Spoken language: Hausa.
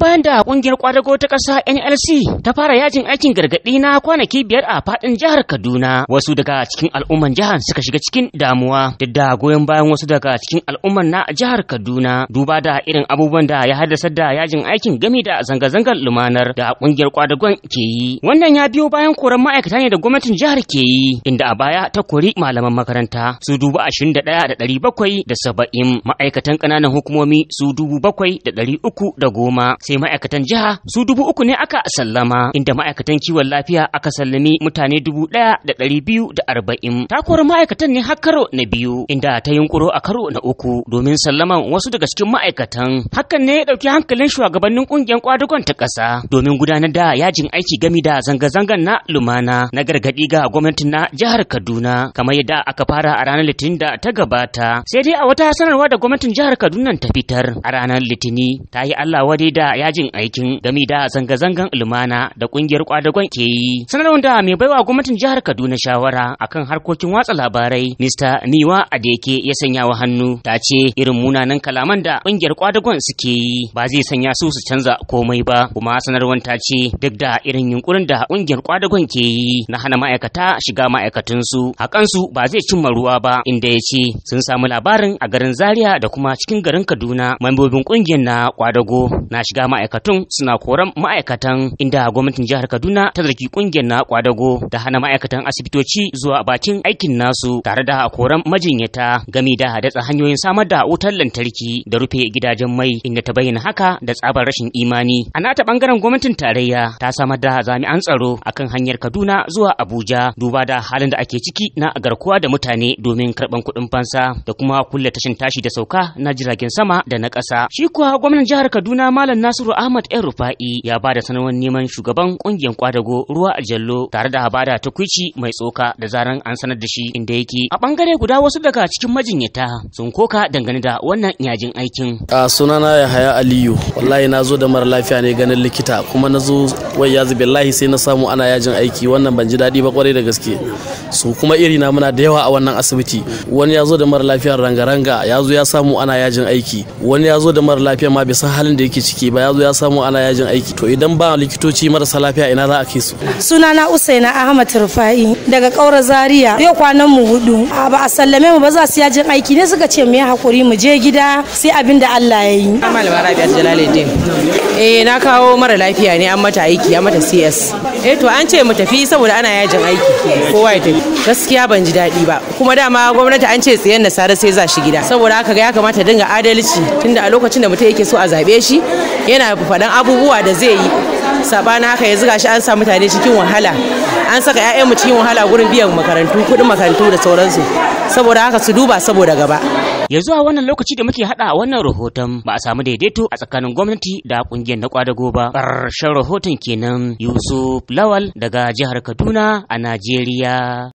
bayan da kungiyar kwadago ta kasa NLC ta fara yajin aikin gargadi na kwanaki biyar a faɗin jihar Kaduna wasu daga cikin al'umman jihar suka shiga cikin damuwa duk da goyon bayan wasu daga cikin al'umman na jihar Kaduna duba da irin abubuwan da ya haddasa da yajin aikin gami da zanga-zangar lumanar da kungiyar kwadagon ke yi wannan ya biyo bayan koran ma'aikata ne da gwamnatin jihar ke yi inda a baya ta kori malaman makaranta su dubu ashirin da ɗaya da ɗari bakwai da saba'in ma'aikatan ƙananan hukumomi su dubu bakwai da ɗari uku da goma sai ma'aikatan jiha su dubu uku ne aka sallama inda ma'aikatan kiwon lafiya aka sallami mutane dubu ɗaya da ɗari biyu da arba'in takuwar ma'aikatan ne har karo na biyu inda ta yunkuro a karo na uku domin sallaman wasu daga cikin ma'aikatan hakan ne ya ɗauki hankalin shugabannin ƙungiyar kwadugon ta ƙasa domin gudanar da yajin aiki gami da zanga-zangan na lumana na gargaɗi ga gwamnatin na jihar Kaduna kamar yadda aka fara a ranar Litinin da ta gabata sai dai a wata sanarwa da gwamnatin jihar Kaduna ta fitar a ranar Litini ta yi Allah wadai da yajin aikin gami da zanga-zangan ilmana, da kungiyar kwadagon ke yi sanarwar da mai baiwa gwamnatin jihar kaduna shawara akan harkokin watsa labarai mr miwa adeke ya sanya wa hannu ta ce irin munanan kalaman da kungiyar kwadagon suke yi ba zai sanya su su canza komai ba kuma sanarwar ta ce duk da irin yunkurin da kungiyar kwadagon ke yi na hana ma'aikata shiga ma'aikatunsu su ba zai cimma ruwa ba inda ya ce sun samu labarin a garin zaria da kuma cikin garin kaduna mambobin kungiyar na kwadago na shiga A ma'aikatun suna koran ma'aikatan inda gwamnatin jihar Kaduna ta zargi kungiyar na kwadago da hana ma'aikatan asibitoci zuwa bakin aikin nasu tare da koran majinyata gami da hadatsa hanyoyin samar da wutar lantarki da rufe gidajen mai inda ta bayyana haka da tsabar rashin imani. A nata bangaren gwamnatin tarayya ta samar da jami'an tsaro akan hanyar Kaduna zuwa Abuja duba da halin da ake ciki na garkuwa da mutane domin karban kuɗin fansa da kuma kulle tashin tashi da sauka na jiragen sama da na ƙasa. Shi kuwa gwamnan jihar Kaduna Malam na Nasiru Ahmad ‘yan Rufa'i ya bada da sanarwar neman shugaban ƙungiyar kwadago ruwa a jallo tare da habada ta kuici mai tsoka da zaran an sanar da shi inda yake. A bangare guda wasu daga cikin majinyata sun koka dangane da wannan yajin aikin. A sunana Yahaya Aliyu, wallahi na zo da mara lafiya ne ganin likita kuma na zo wai ya zubi lahi sai na samu ana yajin aiki wannan ban ji daɗi ba kwarai da gaske. Su kuma iri na muna da yawa a wannan asibiti. Wani ya zo da mara lafiyar ranga-ranga ya zo ya samu ana yajin aiki. Wani ya zo da mara lafiya ma bisa halin da yake ciki ba ya zo ya samu ana yajin aiki to idan ba likitoci marasa lafiya ina za a kai su sunana usaina ahmad rufa'i daga kaura zaria yau kwanan mu hudu ba a sallame mu ba za su yajin aiki ne suka ce mu yi hakuri mu je gida sai abin da Allah ya yi malama rabi'a jalaluddin eh na kawo mara lafiya ne an mata aiki an mata cs eh to an ce mu tafi saboda ana yajin aiki kowa ya tafi gaskiya ban ji daɗi ba kuma dama gwamnati an ce tsayen Sare sai za shi gida saboda haka ya kamata dinga adalci tunda a lokacin da mutum yake so a zaɓe shi yana faɗan abubuwa da zai yi sabana haka ya zuga shi an sa mutane cikin wahala an saka 'ya'yan mu cikin wahala gurin biyan makarantu kuɗin makarantu da sauransu saboda haka su duba saboda gaba ya zuwa wannan lokaci da muke hada wannan rahoton ba a samu daidaito a tsakanin gwamnati da kungiyar na kwadago ba ƙarshen rahoton kenan yusuf lawal daga jihar kaduna a najeriya